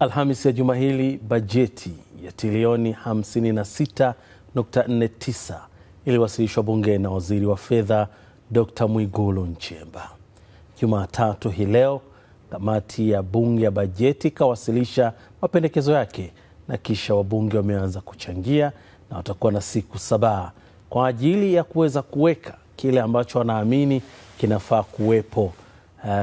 Alhamis ya juma hili bajeti ya trilioni 56.49 iliwasilishwa bunge na waziri wa fedha Dr. Mwigulu Nchemba. Jumatatu hii leo kamati ya bunge ya bajeti ikawasilisha mapendekezo yake na kisha wabunge wameanza kuchangia na watakuwa na siku saba kwa ajili ya kuweza kuweka kile ambacho wanaamini kinafaa kuwepo uh,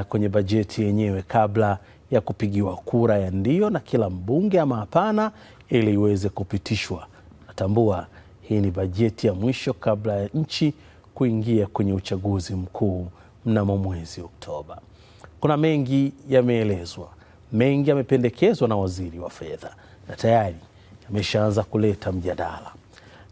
kwenye bajeti yenyewe kabla ya kupigiwa kura ya ndio na kila mbunge ama hapana, ili iweze kupitishwa. Natambua hii ni bajeti ya mwisho kabla ya nchi kuingia kwenye uchaguzi mkuu mnamo mwezi Oktoba. Kuna mengi yameelezwa, mengi yamependekezwa na waziri wa fedha na tayari yameshaanza kuleta mjadala,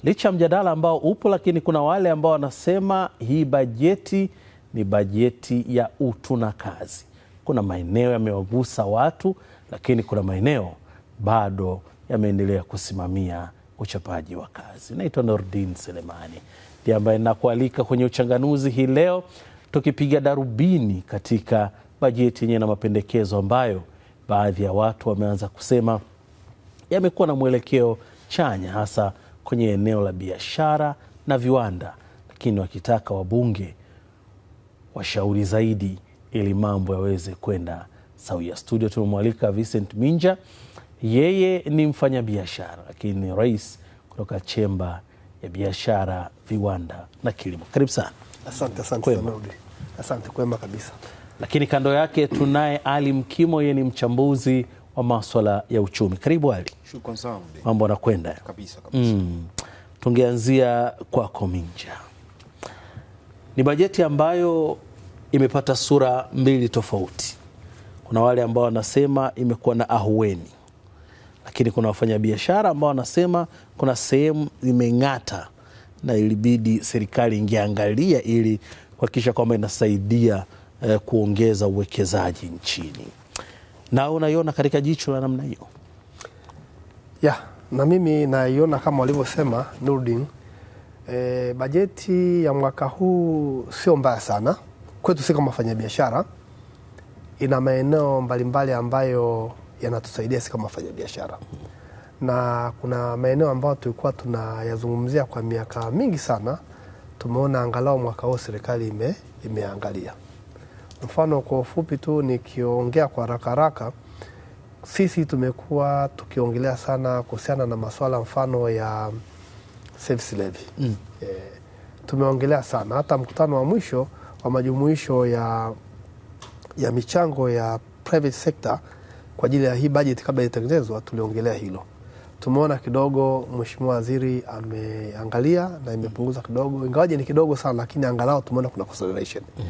licha ya mjadala ambao upo, lakini kuna wale ambao wanasema hii bajeti ni bajeti ya utu na kazi kuna maeneo yamewagusa watu, lakini kuna maeneo bado yameendelea kusimamia uchapaji wa kazi. Naitwa Nordin Selemani ndiye ambaye nakualika kwenye uchanganuzi hii leo, tukipiga darubini katika bajeti yenyewe na mapendekezo ambayo baadhi ya watu wameanza kusema yamekuwa na mwelekeo chanya, hasa kwenye eneo la biashara na viwanda, lakini wakitaka wabunge washauri zaidi ili mambo yaweze kwenda sawia. Studio tumemwalika Vincent Minja, yeye ni mfanyabiashara lakini ni rais kutoka chemba ya biashara, viwanda na kilimo. Karibu sana. Asante, asante kwema. Asante kwema kabisa. Lakini kando yake tunaye Ali Mkimo, yeye ni mchambuzi wa maswala ya uchumi. Karibu Ali. Shukrani sana. Mambo anakwenda kabisa, kabisa. Mm. Tungeanzia kwako Minja, ni bajeti ambayo imepata sura mbili tofauti. Kuna wale ambao wanasema imekuwa na ahueni, lakini kuna wafanyabiashara ambao wanasema kuna sehemu imeng'ata na ilibidi serikali ingeangalia ili kuhakikisha kwamba inasaidia eh, kuongeza uwekezaji nchini. Na unaiona katika jicho la namna hiyo? ya na mimi naiona kama walivyosema Nurdin. Eh, bajeti ya mwaka huu sio mbaya sana kwetu sisi kama wafanyabiashara, ina maeneo mbalimbali ambayo yanatusaidia sisi kama wafanyabiashara, na kuna maeneo ambayo tulikuwa tunayazungumzia kwa miaka mingi sana, tumeona angalau mwaka huu serikali ime, imeangalia. Mfano kwa ufupi tu nikiongea kwa haraka haraka, sisi tumekuwa tukiongelea sana kuhusiana na masuala mfano ya service levy mm. E, tumeongelea sana hata mkutano wa mwisho kwa majumuisho ya, ya michango ya private sector kwa ajili ya hii bajeti kabla itengenezwa, tuliongelea hilo. Tumeona kidogo mheshimiwa waziri ameangalia na imepunguza kidogo, ingawaje ni kidogo sana, lakini angalau tumeona kuna consideration. Mm.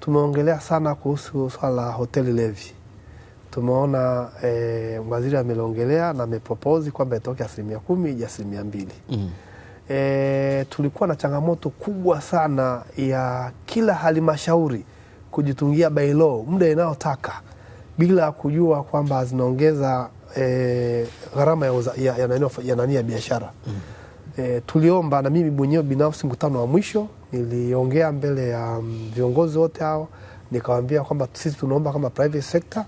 Tumeongelea sana kuhusu swala la hoteli levy tumeona eh, waziri ameliongelea na amepropose kwamba itoke asilimia kumi ija asilimia mbili. mm e, tulikuwa na changamoto kubwa sana ya kila halmashauri kujitungia bailo muda inayotaka bila kujua kwamba zinaongeza e, gharama ya, ya, ya, ya nani ya biashara mm. E, tuliomba na mimi mwenyewe binafsi, mkutano wa mwisho niliongea mbele ya um, viongozi wote hao, nikawambia kwamba sisi tunaomba kama private sector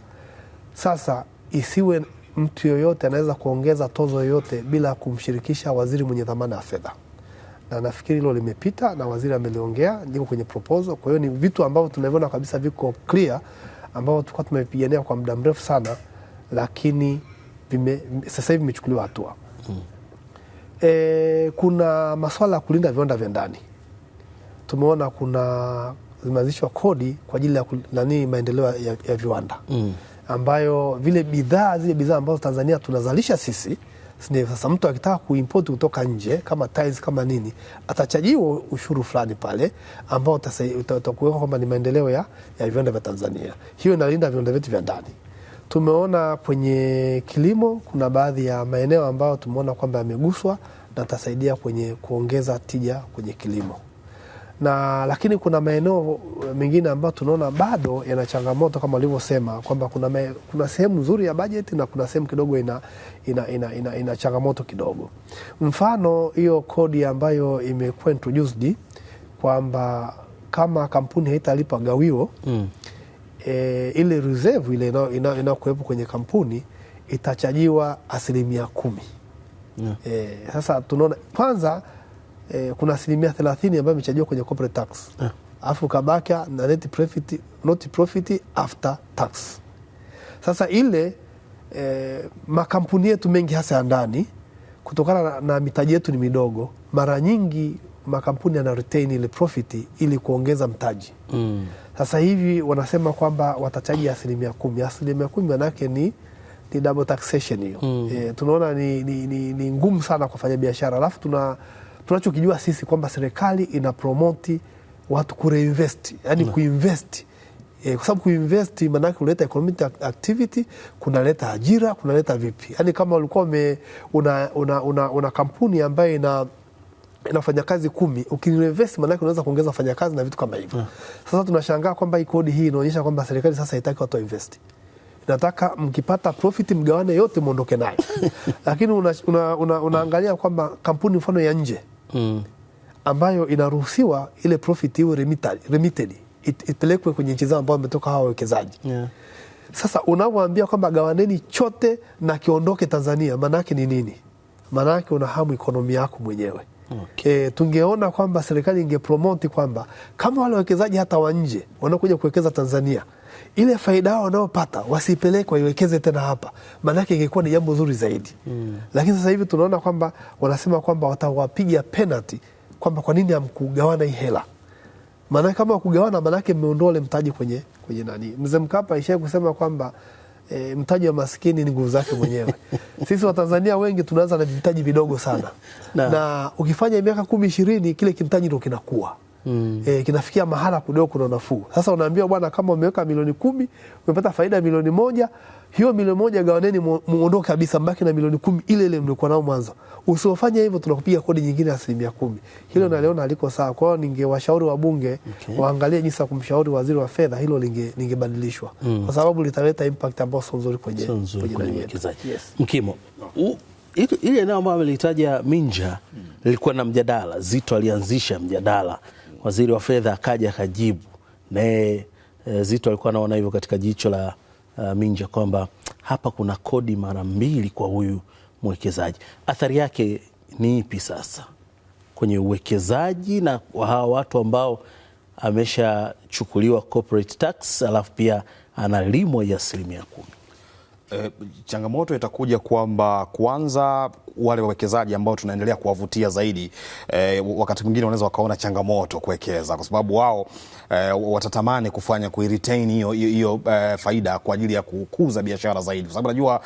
sasa isiwe mtu yoyote anaweza kuongeza tozo yoyote bila kumshirikisha waziri mwenye dhamana ya fedha, na nafikiri hilo limepita na waziri ameliongea, liko kwenye proposal. Kwa hiyo ni vitu ambavyo tunaviona kabisa viko clear, ambavyo tulikuwa tumepigania kwa muda mrefu sana, lakini sasa hivi vimechukuliwa hatua. hmm. E, kuna masuala ya kulinda viwanda vya ndani. Tumeona kuna zimeanzishwa kodi kwa ajili ya nani maendeleo ya, ya viwanda hmm ambayo vile bidhaa zile bidhaa ambazo Tanzania tunazalisha sisi sasa mtu akitaka kuimport kutoka nje kama tiles kama nini, atachajiwa ushuru fulani pale ambao utakuwekwa kwamba ni maendeleo ya, ya viwanda vya Tanzania. Hiyo inalinda viwanda vyetu vya ndani. Tumeona kwenye kilimo kuna baadhi ya maeneo ambayo tumeona kwamba yameguswa na atasaidia kwenye kuongeza tija kwenye kilimo na lakini kuna maeneo mengine ambayo tunaona bado yana changamoto kama walivyosema kwamba kuna, kuna sehemu nzuri ya bajeti na kuna sehemu kidogo ina, ina, ina, ina, ina changamoto kidogo. Mfano hiyo kodi ambayo imekuwa introduced kwamba kama kampuni haitalipa gawio mm. E, ile reserve ile inayokuwepo kwenye kampuni itachajiwa asilimia kumi. Yeah. E, sasa tunaona kwanza e, kuna asilimia thelathini ambayo imechajiwa kwenye corporate tax yeah. Afu kabaka na net profit, not profit after tax. Sasa ile e, makampuni yetu mengi hasa ya ndani kutokana na, na mitaji yetu ni midogo, mara nyingi makampuni yana retain ile profit ili kuongeza mtaji mm. Sasa hivi wanasema kwamba watachaji asilimia kumi. Asilimia kumi manake ni, ni double taxation hiyo mm. E, tunaona ni, ni, ni, ni ngumu sana kwa fanya biashara alafu tuna tunachokijua sisi kwamba serikali ina promoti watu kureinvest, yani no. Mm. kuinvest E, kwa sababu kuinvest maanake unaleta economic activity, kunaleta ajira, kunaleta vipi? Yaani kama ulikuwa ume, una, una, una, una kampuni ambayo ina inafanya wafanyakazi kumi, ukiinvest maanake unaweza kuongeza wafanyakazi na vitu kama hivyo yeah. Mm. Sasa tunashangaa kwamba hii kodi hii inaonyesha kwamba serikali sasa haitaki watu wainvest nataka mkipata profit mgawane yote muondoke nayo lakini una, una, una, unaangalia kwamba kampuni mfano ya nje mm. ambayo inaruhusiwa ile profit iwe remitted, ipelekwe kwenye nchi zao ambao wametoka hawa wawekezaji yeah. Sasa unamwambia kwamba gawaneni chote na kiondoke Tanzania, maanake ni nini? yake una hamu ikonomi yako mwenyewe okay. E, tungeona kwamba serikali ingepromoti kwamba kama wale wawekezaji hata wa nje wanaokuja kuwekeza Tanzania ile faida yao wanayopata wasipeleke waiwekeze tena hapa, maanake ingekuwa ni jambo zuri zaidi mm. Lakini sasa hivi tunaona kwamba wanasema kwamba watawapiga penalty kwamba kwa nini hamkugawana hii hela, maanake kama kugawana, maanake mmeondoa ule mtaji kwenye, kwenye nani. Mzee Mkapa ishai kusema kwamba e, mtaji wa maskini ni nguvu zake mwenyewe. Sisi Watanzania wengi tunaanza na vitaji vidogo sana na, na ukifanya miaka kumi ishirini kile kimtaji ndo kinakuwa Mm. E, eh, kinafikia mahala kidogo kuna nafuu. Sasa unaambia bwana, kama umeweka milioni kumi umepata faida milioni moja hiyo milioni moja gawaneni, muondoke kabisa, mbaki na milioni kumi ile ile mlikuwa nao mwanzo. Usiofanya hivyo, tunakupiga kodi nyingine asilimia kumi. Hilo hmm. naliona aliko sawa. Kwa hiyo ningewashauri wabunge okay, waangalie jinsi ya kumshauri waziri wa fedha, hilo lingebadilishwa mm, kwa sababu litaleta impact ambayo sio nzuri kwenye mwekezaji. Mkimo, ile eneo ambayo amelitaja Minja hmm. lilikuwa na mjadala. Zito alianzisha mjadala, waziri wa fedha akaja akajibu naye. Eh, Zito alikuwa anaona hivyo katika jicho la uh, ah, Minja kwamba hapa kuna kodi mara mbili kwa huyu mwekezaji. Athari yake ni ipi sasa kwenye uwekezaji na hawa watu ambao ameshachukuliwa corporate tax alafu pia analimwa ya asilimia kumi? E, changamoto itakuja kwamba kwanza wale wawekezaji ambao tunaendelea kuwavutia zaidi e, wakati mwingine wanaweza wakaona changamoto kuwekeza, kwa sababu wao e, watatamani kufanya kuiretain hiyo hiyo e, faida kwa ajili ya kukuza biashara zaidi, kwa sababu najua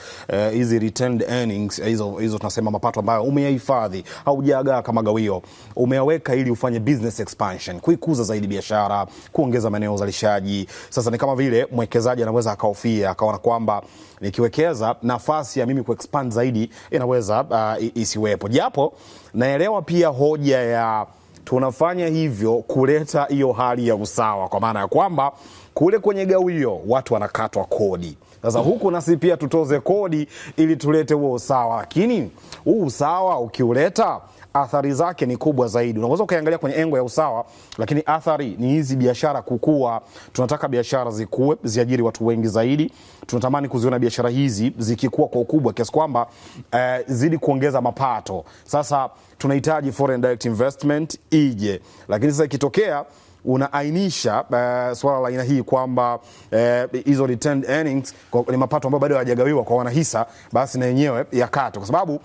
hizi e, retained earnings hizo hizo tunasema mapato ambayo umeyahifadhi haujagaa kama gawio, umeyaweka ili ufanye business expansion, kuikuza zaidi biashara, kuongeza maeneo ya uzalishaji. Sasa ni kama vile mwekezaji anaweza akahofia akaona kwamba nikiwekeza nafasi ya mimi kuexpand zaidi inaweza uh, uh, isiwepo, japo naelewa pia hoja ya tunafanya hivyo kuleta hiyo hali ya usawa, kwa maana ya kwamba kule kwenye gawio watu wanakatwa kodi. Sasa huku nasi pia tutoze kodi ili tulete huo usawa, lakini huu usawa ukiuleta athari zake ni kubwa zaidi. Unaweza ukaangalia kwenye engo ya usawa, lakini athari ni hizi biashara kukua. Tunataka biashara zikue, ziajiri watu wengi zaidi. Tunatamani kuziona biashara hizi zikikua kwa ukubwa kiasi kwamba eh, zidi kuongeza mapato. Sasa tunahitaji foreign direct investment ije, lakini sasa ikitokea unaainisha uh, swala la aina hii kwamba eh, hizo uh, retained earnings ni mapato ambayo bado hayajagawiwa kwa wanahisa, basi na yenyewe yakate, kwa sababu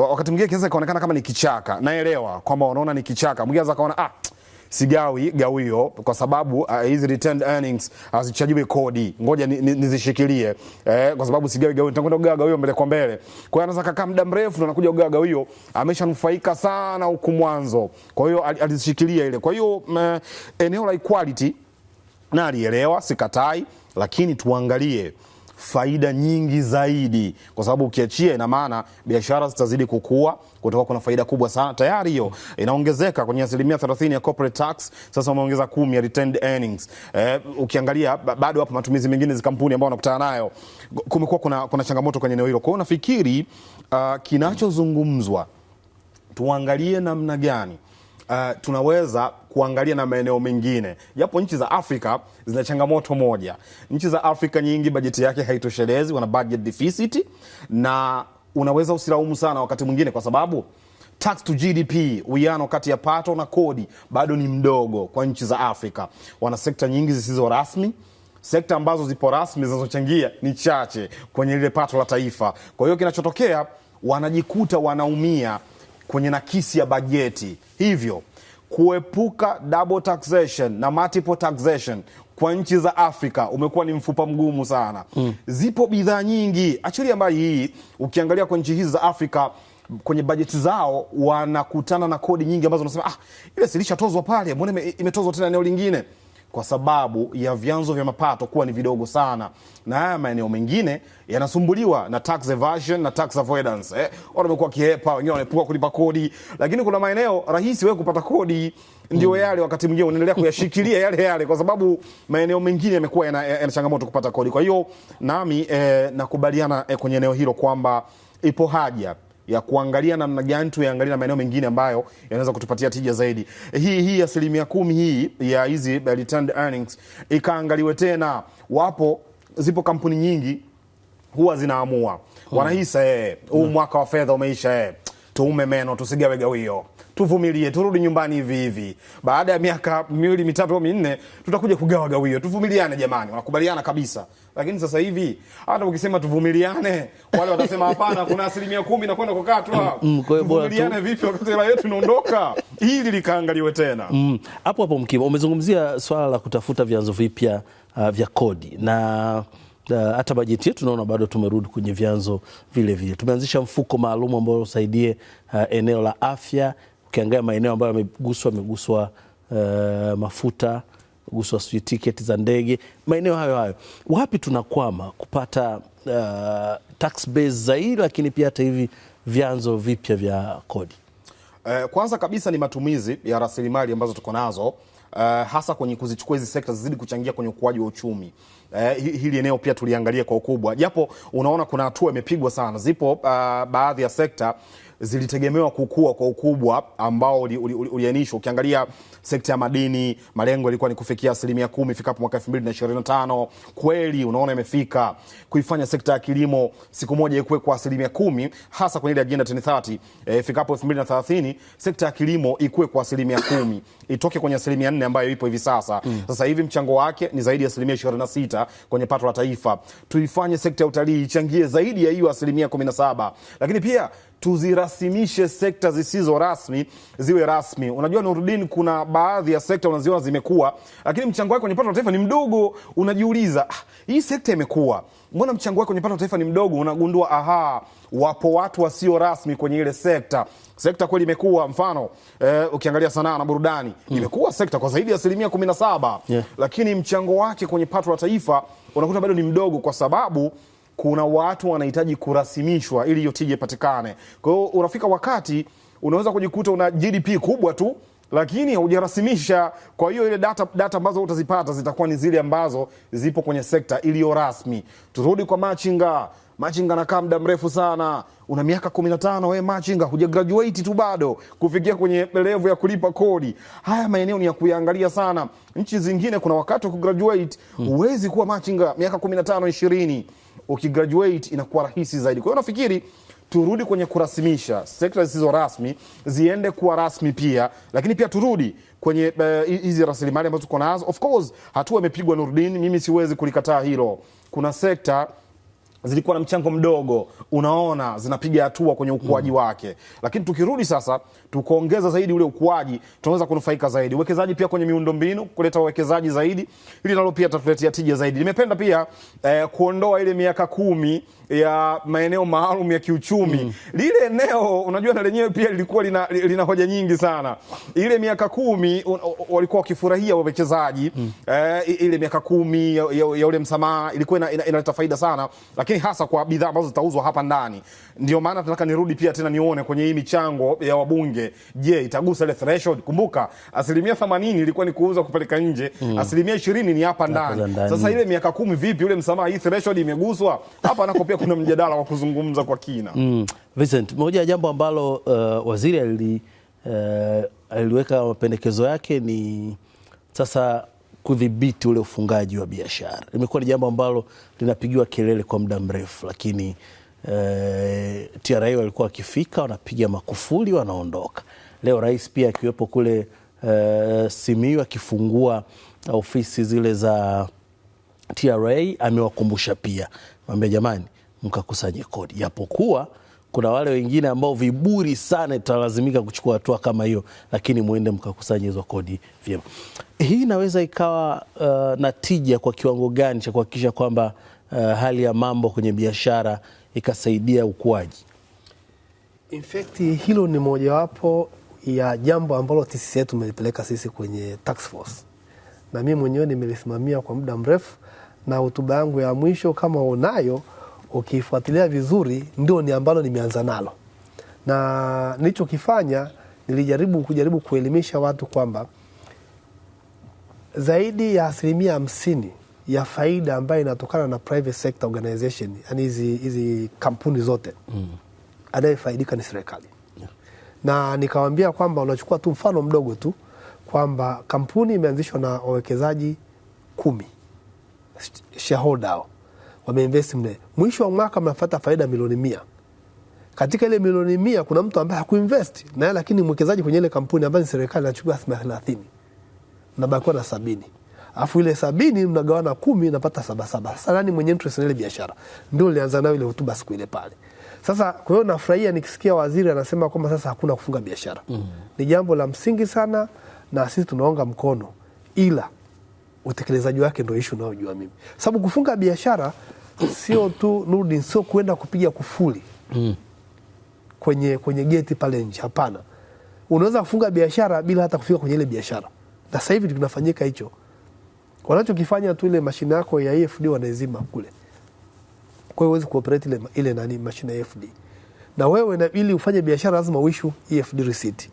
wakati mwingine kinaweza kaonekana kama ni kichaka, naelewa kwamba wanaona ni kichaka, mwingine anaweza kaona ah sigawi gawio kwa sababu ah, hizi uh, retained earnings hazichajiwi uh, kodi, ngoja nizishikilie ni, ni eh, kwa sababu sigawi gawio, nitakwenda kugawa gawio mbele kwa mbele. Kwa hiyo anaweza kakaa muda mrefu, na anakuja kugawa gawio, ameshanufaika sana huku mwanzo, kwa hiyo alizishikilia ile. Kwa hiyo mm, eh, eneo la equality alielewa, sikatai, lakini tuangalie faida nyingi zaidi, kwa sababu ukiachia, ina maana biashara zitazidi kukua, kutoka kuna faida kubwa sana tayari, hiyo inaongezeka kwenye asilimia 30 ya corporate tax, sasa umeongeza 10 ya retained earnings. Eh, ukiangalia bado hapo matumizi mengine za kampuni ambayo wanakutana nayo, kumekuwa kuna, kuna changamoto kwenye eneo hilo. Kwa hiyo nafikiri uh, kinachozungumzwa tuangalie namna gani uh, tunaweza kuangalia na maeneo mengine, japo nchi za Afrika zina changamoto moja. Nchi za Afrika nyingi bajeti yake haitoshelezi, wana budget deficit, na unaweza usilaumu sana wakati mwingine kwa sababu tax to GDP, uwiano kati ya pato na kodi bado ni mdogo kwa nchi za Afrika. Wana sekta nyingi zisizo rasmi sekta ambazo zipo rasmi zinazochangia ni chache kwenye lile pato la taifa. Kwa hiyo kinachotokea wanajikuta wanaumia kwenye nakisi ya bajeti, hivyo kuepuka double taxation na multiple taxation kwa nchi za Afrika umekuwa ni mfupa mgumu sana. Mm. Zipo bidhaa nyingi, achilia mbali hii, ukiangalia kwa nchi hizi za Afrika kwenye bajeti zao wanakutana na kodi nyingi ambazo wanasema ah, ile silishatozwa pale, mbona imetozwa tena eneo lingine? kwa sababu ya vyanzo vya mapato kuwa ni vidogo sana, na haya maeneo mengine yanasumbuliwa na tax evasion na tax avoidance eh. Watu wamekuwa kihepa, wengine wanaepuka kulipa kodi, lakini kuna maeneo rahisi wewe kupata kodi ndio mm. yale wakati mwingine unaendelea kuyashikilia yale yale, kwa sababu maeneo mengine yamekuwa yana, yana changamoto kupata kodi. Kwa hiyo nami eh, nakubaliana eh, kwenye eneo hilo kwamba ipo haja ya kuangalia namna gani tuyaangalia na maeneo mengine ambayo yanaweza kutupatia tija zaidi. Hii hii asilimia kumi hii ya hizi returned earnings ikaangaliwe tena. Wapo zipo kampuni nyingi huwa zinaamua wanahisa, eh, huu mm. mwaka wa fedha umeisha, eh, tuume meno gawio tuvumilie, turudi nyumbani hivi hivi, baada ya miaka miwili mitatu au minne tutakuja kugawa gawio, tuvumiliane jamani. Wanakubaliana kabisa, lakini sasa hivi hata ukisema tuvumiliane, wale watasema hapana, kuna asilimia kumi nakwenda kukatwa. Mm, mm, tuvumiliane vipi wakati hela yetu inaondoka? Hili likaangaliwe tena mm, hapo Hapo Mkiba, umezungumzia swala la kutafuta vyanzo vipya uh, vya kodi na uh, hata uh, bajeti yetu naona bado tumerudi kwenye vyanzo vile vile. Tumeanzisha mfuko maalum ambao usaidie uh, eneo la afya ukiangalia maeneo ambayo yameguswa, ameguswa uh, eh, mafuta guswa, sijui tiketi za ndege, maeneo hayo hayo. Wapi tunakwama kupata uh, tax base zaidi, lakini pia hata hivi vyanzo vipya vya kodi? uh, kwanza kabisa ni matumizi ya rasilimali ambazo tuko nazo Uh, hasa kwenye kuzichukua hizi sekta zizidi kuchangia kwenye ukuaji wa uchumi. Uh, hili eneo pia tuliangalia kwa ukubwa, japo unaona kuna hatua imepigwa sana. Zipo uh, baadhi ya sekta zilitegemewa kukua kwa ukubwa ambao ulianishwa. Ukiangalia sekta ya madini, malengo yalikuwa ni kufikia asilimia kumi ifikapo mwaka elfu mbili na na ishirini tano Kweli unaona imefika. Kuifanya sekta ya kilimo siku moja ikuwe kwa asilimia kumi, hasa kwenye ile ajenda 2030 e, ifikapo elfu mbili na thelathini sekta ya kilimo ikuwe kwa asilimia kumi, itoke kwenye asilimia nne ambayo ipo hivi sasa. mm. Sasa hivi mchango wake ni zaidi ya asilimia ishirini na sita kwenye pato la taifa. Tuifanye sekta ya utalii ichangie zaidi ya hiyo asilimia kumi na saba lakini pia tuzirasimishe sekta zisizo rasmi ziwe rasmi. Unajua Nurdin, kuna baadhi ya sekta unaziona zimekuwa, lakini mchango wake kwenye pato la taifa ni mdogo. Unajiuliza, ah, hii sekta imekuwa, mbona mchango wake kwenye pato la taifa ni mdogo? Unagundua aha, wapo watu wasio rasmi kwenye ile sekta. Sekta kweli imekuwa, mfano eh, ukiangalia sanaa na burudani hmm, imekuwa sekta kwa zaidi ya asilimia kumi na saba yeah. lakini mchango wake kwenye pato la taifa unakuta bado ni mdogo kwa sababu kuna watu wanahitaji kurasimishwa ili hiyo tija ipatikane. Kwa hiyo unafika wakati unaweza kujikuta una GDP kubwa tu lakini hujarasimisha. Kwa hiyo ile data data ambazo utazipata zitakuwa ni zile ambazo zipo kwenye sekta iliyo rasmi. Turudi kwa machinga. Machinga anakaa muda mrefu sana, una miaka 15 wewe eh, machinga, huja graduate tu bado kufikia kwenye level ya kulipa kodi. Haya maeneo ni ya kuyaangalia sana. Nchi zingine kuna wakati wa kugraduate, hmm. huwezi kuwa machinga miaka 15 20 ukigraduate inakuwa rahisi zaidi. Kwa hiyo nafikiri turudi kwenye kurasimisha sekta zisizo rasmi ziende kuwa rasmi pia, lakini pia turudi kwenye eh, hizi uh, rasilimali ambazo tuko nazo. Of course hatua imepigwa Nurdin, mimi siwezi kulikataa hilo. Kuna sekta zilikuwa na mchango mdogo, unaona zinapiga hatua kwenye ukuaji mm. wake, lakini tukirudi sasa tukoongeza zaidi ule ukuaji, tunaweza kunufaika zaidi. Uwekezaji pia kwenye miundombinu, kuleta uwekezaji zaidi, ili nalo pia tatuletea tija zaidi. Nimependa pia eh, kuondoa ile miaka kumi ya maeneo maalum ya kiuchumi mm. lile eneo unajua, na lenyewe pia lilikuwa lina, lina hoja nyingi sana. Ile miaka kumi walikuwa wakifurahia wawekezaji mm. eh, ile miaka kumi ya, ya, ya ule msamaha ilikuwa inaleta ina, ina faida sana lakini lakini hasa kwa bidhaa ambazo zitauzwa hapa ndani. Ndio maana tunataka nirudi pia tena nione kwenye hii michango ya wabunge, je, itagusa ile threshold? Kumbuka asilimia 80 ilikuwa ni kuuza kupeleka nje, mm. asilimia 20 ni hapa ndani. Sasa ile miaka kumi vipi ule msamaha, hii threshold imeguswa hapa? Nako pia kuna mjadala wa kuzungumza kwa kina. Mm. Vincent, moja ya jambo ambalo uh, waziri ali, uh, aliweka mapendekezo yake ni sasa kudhibiti ule ufungaji wa biashara. Limekuwa ni jambo ambalo linapigiwa kelele kwa muda mrefu, lakini e, eh, TRA walikuwa wakifika wanapiga makufuli wanaondoka. Leo rais pia akiwepo kule e, Simiyu akifungua ofisi zile za TRA amewakumbusha pia, mwambia jamani, mkakusanye kodi, japokuwa kuna wale wengine ambao viburi sana italazimika kuchukua hatua kama hiyo, lakini mwende mkakusanya hizo kodi vyema. Hii inaweza ikawa uh, na tija kwa kiwango gani cha kuhakikisha kwamba uh, hali ya mambo kwenye biashara ikasaidia ukuaji? In fact hilo ni mojawapo ya jambo ambalo TCCIA tumelipeleka sisi kwenye task force, na mimi mwenyewe nimelisimamia kwa muda mrefu, na hotuba yangu ya mwisho kama unayo ukifuatilia vizuri, ndio ni ambalo nimeanza nalo, na nilichokifanya nilijaribu kujaribu kuelimisha watu kwamba zaidi ya asilimia hamsini ya faida ambayo inatokana na private sector organization, yani hizi kampuni zote mm. anayefaidika ni serikali yeah. Na nikawambia kwamba unachukua tu mfano mdogo tu kwamba kampuni imeanzishwa na wawekezaji kumi shareholder wameinvest mle, mwisho wa mwaka mnafata faida milioni mia. Katika ile milioni mia kuna mtu ambaye hakuinvest naye, lakini mwekezaji kwenye ile kampuni ambayo ni serikali anachukua asilimia thelathini, mnabakiwa na sabini afu ile sabini mnagawana kumi, napata sabasaba. Sasa nani mwenye interest na ile biashara? Ndio nilianza nayo ile hotuba siku ile pale. Sasa kwa hiyo nafurahia nikisikia waziri anasema kwamba sasa hakuna kufunga biashara mm -hmm. Ni jambo la msingi sana na sisi tunaunga mkono, ila utekelezaji wake ndio ishu unaojua mimi, sababu kufunga biashara sio tu loading, sio kuenda kupiga kufuli mm. kwenye, kwenye geti pale nje. Hapana, unaweza kufunga biashara bila hata kufika kwenye ile biashara, na sasa hivi tunafanyika hicho. Wanachokifanya tu ile mashine yako ya EFD wanaizima kule, kwa hiyo huwezi kuoperate ile, ile nani mashine ya EFD na wewe na ili ufanye biashara lazima uishu EFD receipt,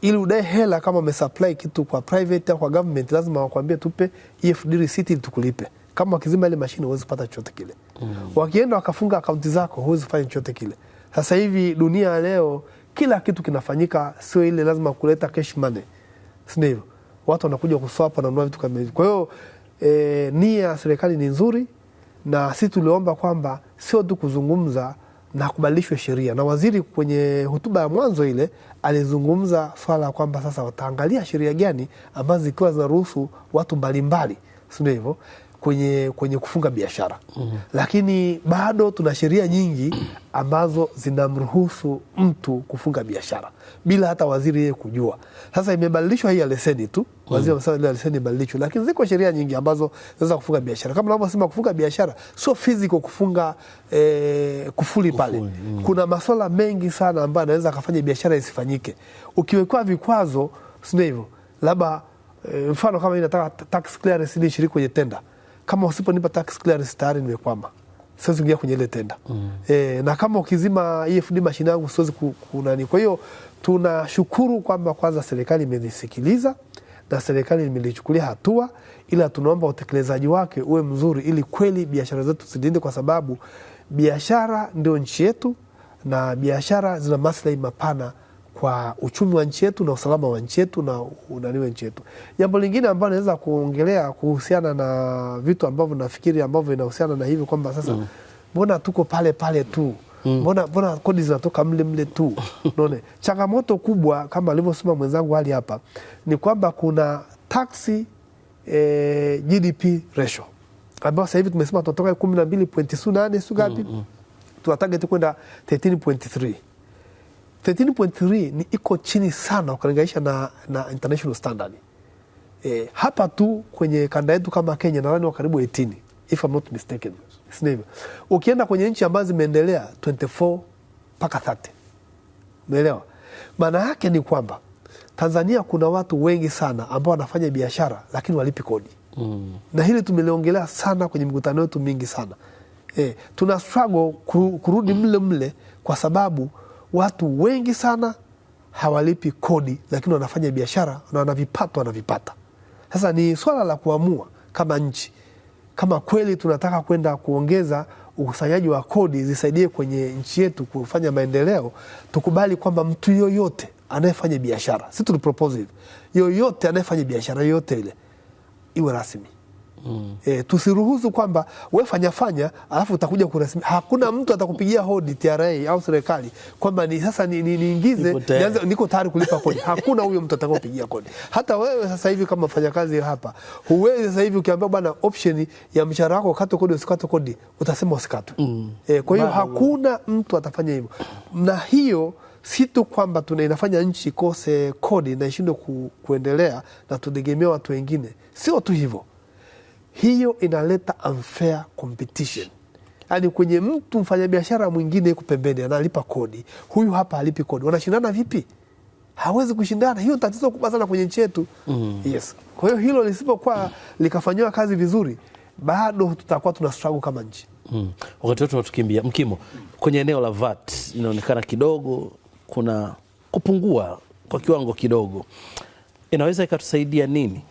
ili udai hela. Kama umesupply kitu kwa private au kwa government, lazima wakwambie tupe EFD receipt ili tukulipe. Kama wakizima ile mashine huwezi kupata chochote kile. Mm. Wakienda wakafunga akaunti zako huwezi kufanya chochote kile. Sasa hivi dunia leo kila kitu kinafanyika, sio ile lazima kuleta cash money. Si ndivyo? Watu wanakuja kuswap na kununua vitu kama hivi. Kwa hiyo e, nia ya serikali ni nzuri na si tuliomba kwamba sio tu kuzungumza na kubadilishwe sheria, na waziri kwenye hotuba ya mwanzo ile alizungumza swala la kwamba sasa wataangalia sheria gani ambazo zikiwa zinaruhusu watu mbalimbali, si ndivyo? kwenye, kwenye kufunga biashara mm -hmm. Lakini bado tuna sheria nyingi ambazo zinamruhusu mtu kufunga biashara bila hata waziri yeye kujua. Sasa imebadilishwa hii ya leseni tu, waziri amesema mhm. ile leseni imebadilishwa, lakini ziko sheria nyingi ambazo zinaweza kufunga biashara. Kama unavyosema kufunga biashara sio fiziko kufunga e, kufuli pale mm. Kuna masuala mengi sana ambayo anaweza akafanya biashara isifanyike ukiwekwa vikwazo, sio hivyo labda e, mfano kama inataka tax clearance ni shiriki kwenye tenda kama usiponipa tax clearance tayari nimekwama, siwezi kuingia kwenye ile tenda mm. E, na kama ukizima EFD mashine yangu siwezi kunani. Kwa hiyo tunashukuru kwamba kwanza serikali imenisikiliza na serikali imelichukulia hatua, ila tunaomba utekelezaji wake uwe mzuri, ili kweli biashara zetu zidinde, kwa sababu biashara ndio nchi yetu na biashara zina maslahi mapana kwa uchumi wa nchi yetu na usalama wa nchi yetu na unani wa nchi yetu. Jambo lingine ambalo naweza kuongelea kuhusiana na vitu ambavyo nafikiri ambavyo inahusiana na hivi kwamba sasa mm. mbona tuko pale pale tu mm. mbona, kodi zinatoka mle mle tu unaona, changamoto kubwa kama alivyosema mwenzangu hali hapa ni kwamba kuna taxi e, eh, GDP ratio ambayo sasa hivi tumesema tunatoka 12.8 na mbili mm, -hmm. tuna target kwenda 13.3 13.3 ni iko chini sana ukilinganisha na, na international standard. E, hapa tu kwenye kanda yetu kama Kenya nadhani wa karibu 18 if I'm not mistaken. Sivyo? Ukienda kwenye nchi ambazo zimeendelea 24 mpaka 30. Umeelewa? Maana yake ni kwamba Tanzania kuna watu wengi sana ambao wanafanya biashara lakini walipi kodi. Mm. Na hili tumeliongelea sana kwenye mikutano yetu mingi sana. E, tuna struggle kurudi mle mle kwa sababu watu wengi sana hawalipi kodi, lakini wanafanya biashara na wanavipato wanavipata. Sasa ni swala la kuamua kama nchi, kama kweli tunataka kwenda kuongeza ukusanyaji wa kodi zisaidie kwenye nchi yetu kufanya maendeleo, tukubali kwamba mtu yoyote anayefanya biashara, si tulipropose hivi, yoyote anayefanya biashara yoyote ile iwe rasmi. Mm. E, tusiruhusu kwamba we fanya fanya alafu utakuja kurasmi. Hakuna mtu atakupigia hodi TRA au serikali kwamba ni sasa niingize ni, ni niko tayari kulipa kodi. Hakuna huyo mtu atakayopigia kodi. Hata wewe sasa hivi kama mfanyakazi hapa, huwezi sasa hivi ukiambia bwana, option ya mshahara wako ukate kodi usikate kodi, utasema usikate. Mm. E, kwa hiyo hakuna mtu atafanya hivyo, na hiyo si tu kwamba tuna inafanya nchi kose kodi na ishindwe ku, kuendelea na tutegemea watu wengine, sio tu hivyo hiyo inaleta unfair competition. Yaani kwenye mtu mfanyabiashara mwingine yuko pembeni analipa kodi, huyu hapa alipi kodi, wanashindana vipi? Hawezi kushindana. Hiyo tatizo kubwa sana kwenye nchi yetu mm. Yes, kwa hiyo hilo lisipokuwa likafanyiwa kazi vizuri, bado tutakuwa tuna struggle kama nchi mm. Wakati wote tunatukimbia mkimo kwenye eneo la VAT inaonekana kidogo kuna kupungua kwa kiwango kidogo, inaweza ikatusaidia nini?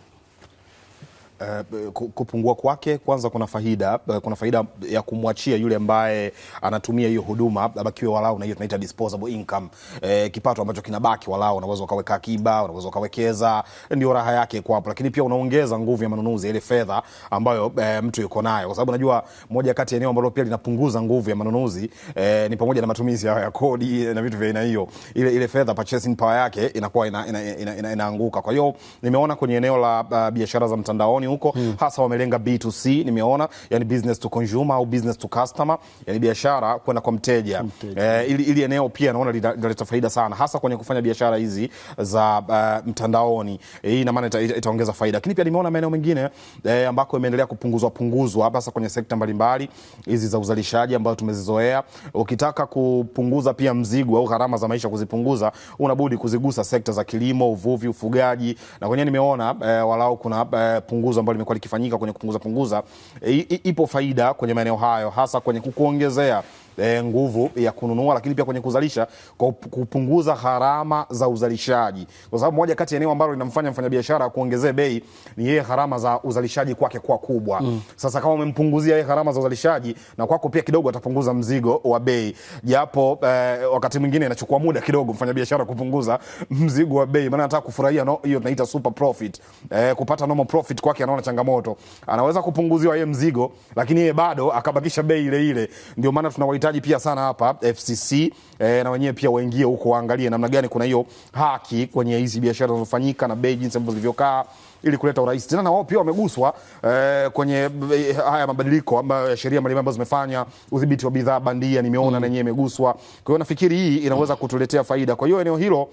Uh, kupungua kwake kwanza, kuna faida uh, kuna faida ya kumwachia yule ambaye anatumia hiyo huduma abakiwe walau na hiyo tunaita disposable income uh, kipato ambacho kinabaki walau, unaweza ukaweka akiba, unaweza ukawekeza, ndio raha yake kwapo, lakini pia unaongeza nguvu ya manunuzi, ile fedha ambayo uh, mtu yuko nayo, kwa sababu najua moja kati ya eneo ambalo pia linapunguza nguvu ya manunuzi uh, ni pamoja na matumizi ya kodi na vitu vya aina hiyo, ile, ile fedha purchasing power yake inakuwa inaanguka ina, ina, ina, ina, ina kwa hiyo nimeona kwenye eneo la uh, biashara za mtandaoni huko mm. hasa wamelenga B2C nimeona, yani business to consumer au business to customer, yani biashara kwenda kwa mteja, mteja. Eh, ili, ili eneo pia naona linaleta faida sana hasa kwenye kufanya biashara hizi za uh, mtandaoni. Eh, hii ina maana ita, itaongeza faida, lakini pia nimeona maeneo mengine eh, ambako imeendelea kupunguzwa punguzwa hasa kwenye sekta mbalimbali hizi za uzalishaji ambazo tumezizoea. Ukitaka kupunguza pia mzigo au gharama za maisha kuzipunguza, unabudi kuzigusa sekta za kilimo, uvuvi, ufugaji na kwenye nimeona eh, walau kuna eh, punguzo punguzo ambalo limekuwa likifanyika kwenye kupunguza punguza, e, ipo faida kwenye maeneo hayo hasa kwenye kukuongezea eh, nguvu ya kununua, lakini pia kwenye kuzalisha kwa kupunguza gharama za uzalishaji, kwa sababu moja kati ya eneo ambalo linamfanya mfanyabiashara kuongezea bei ni yeye gharama za uzalishaji kwake kwa kubwa. Mm. Sasa kama umempunguzia yeye gharama za uzalishaji na kwako pia kidogo atapunguza mzigo wa bei, japo eh, wakati mwingine inachukua muda kidogo mfanyabiashara kupunguza mzigo wa bei, maana anataka kufurahia no, hiyo tunaita super profit eh, kupata normal profit kwake anaona changamoto, anaweza kupunguziwa yeye mzigo, lakini yeye bado akabakisha bei ile ile, ndio maana tunawaita tunahitaji pia sana hapa FCC e, eh, na wenyewe pia waingie huko waangalie namna gani kuna hiyo haki kwenye hizi biashara zinazofanyika na bei jinsi ambavyo zilivyokaa ili kuleta urahisi tena na wao pia wameguswa eh, kwenye eh, haya mabadiliko ambayo ya sheria mbalimbali ambazo zimefanya udhibiti wa bidhaa bandia nimeona mm. na yenyewe imeguswa. Kwa hiyo nafikiri hii inaweza kutuletea faida. Kwa hiyo eneo hilo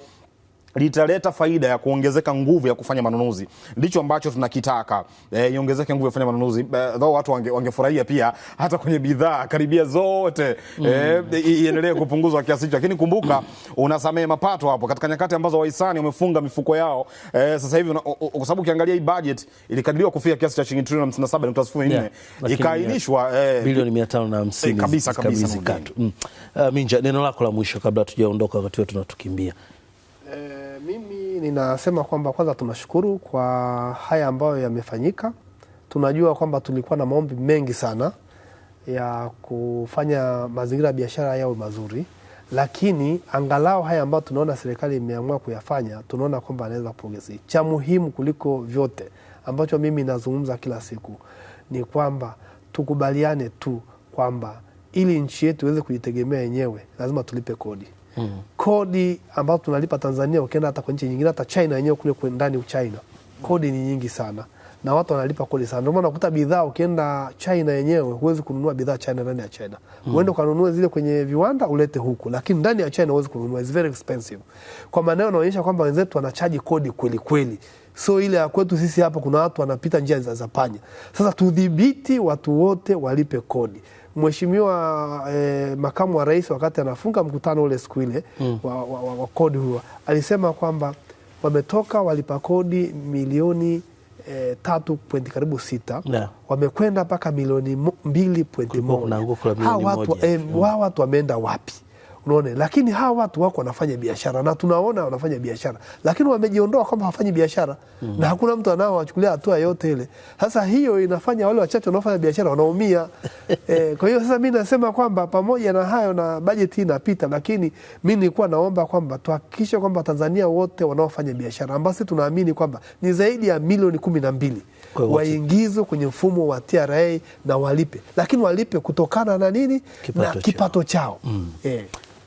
litaleta faida ya kuongezeka nguvu ya kufanya manunuzi, ndicho ambacho tunakitaka, e, iongezeke e, nguvu ya kufanya manunuzi. Dhao e, watu wangefurahia wange, pia hata kwenye bidhaa karibia zote e, mm. e, iendelee kupunguzwa kiasi hicho, lakini kumbuka unasamehe mapato hapo katika nyakati ambazo wahisani wamefunga mifuko yao e, sasa hivi kwa sababu ukiangalia hii budget ilikadiriwa kufika kiasi cha shilingi trilioni 57.04 yeah, ikaahirishwa e, bilioni 550 kabisa kabisa. mm. uh, Minja, neno lako la mwisho kabla tujaondoka, wakati wetu tunatukimbia. Mimi ninasema kwamba kwanza tunashukuru kwa haya ambayo yamefanyika. Tunajua kwamba tulikuwa na maombi mengi sana ya kufanya mazingira ya biashara yawe mazuri, lakini angalau haya ambayo tunaona serikali imeamua kuyafanya, tunaona kwamba anaweza kupongezi Cha muhimu kuliko vyote ambacho mimi nazungumza kila siku ni kwamba tukubaliane tu kwamba ili nchi yetu iweze kujitegemea yenyewe lazima tulipe kodi mm. Kodi ambazo tunalipa Tanzania, ukienda hata kwa nchi nyingine, hata China yenyewe kule ndani Uchina kodi ni nyingi sana na watu wanalipa kodi sana. Ndio maana unakuta bidhaa ukienda China yenyewe huwezi kununua bidhaa China ndani ya China. Mm. Uende ukanunue zile kwenye viwanda ulete huku, lakini ndani ya China huwezi kununua, it's very expensive. Kwa maana hiyo inaonyesha kwamba wenzetu wanachaji kodi kweli kweli. So ile ya kwetu sisi hapa kuna watu wanapita njia za panya. Sasa tudhibiti watu wote walipe kodi. Mheshimiwa eh, makamu wa rais wakati anafunga mkutano ule siku ile mm. wa, wa, wa, wa kodi huo alisema kwamba wametoka walipa kodi milioni eh, tatu pointi karibu sita yeah. wamekwenda mpaka milioni mbili pointi moja mm. hawa watu wameenda wapi? unaone. Lakini hawa watu wako wanafanya biashara na tunaona wanafanya biashara, lakini wamejiondoa kwamba hawafanyi biashara mm. -hmm. na hakuna mtu anaowachukulia hatua yote ile. Sasa hiyo inafanya wale wachache wanaofanya biashara wanaumia e, kwa hiyo sasa mi nasema kwamba pamoja na hayo na bajeti inapita, lakini mi nilikuwa naomba kwamba tuhakikishe kwamba Tanzania wote wanaofanya biashara ambao sisi tunaamini kwamba ni zaidi ya milioni kumi na mbili waingizwe kwenye mfumo wa TRA na walipe, lakini walipe kutokana na nini? Kipato na kipato chao, chao. Mm. E.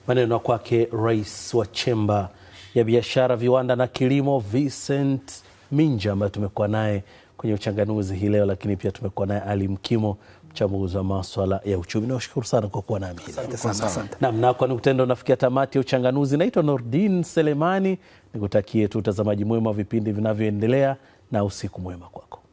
Maneno ya kwake rais wa chemba ya biashara, viwanda na kilimo Vincent Minja ambaye tumekuwa naye kwenye uchanganuzi hii leo, lakini pia tumekuwa naye Ali Mkimo, mchambuzi wa maswala ya uchumi. Nawashukuru sana kwa kuwa nami nam na kwa nikutendo. Nafikia tamati ya uchanganuzi. Naitwa Nordin Selemani, nikutakie tu utazamaji mwema wa vipindi vinavyoendelea na usiku mwema kwako.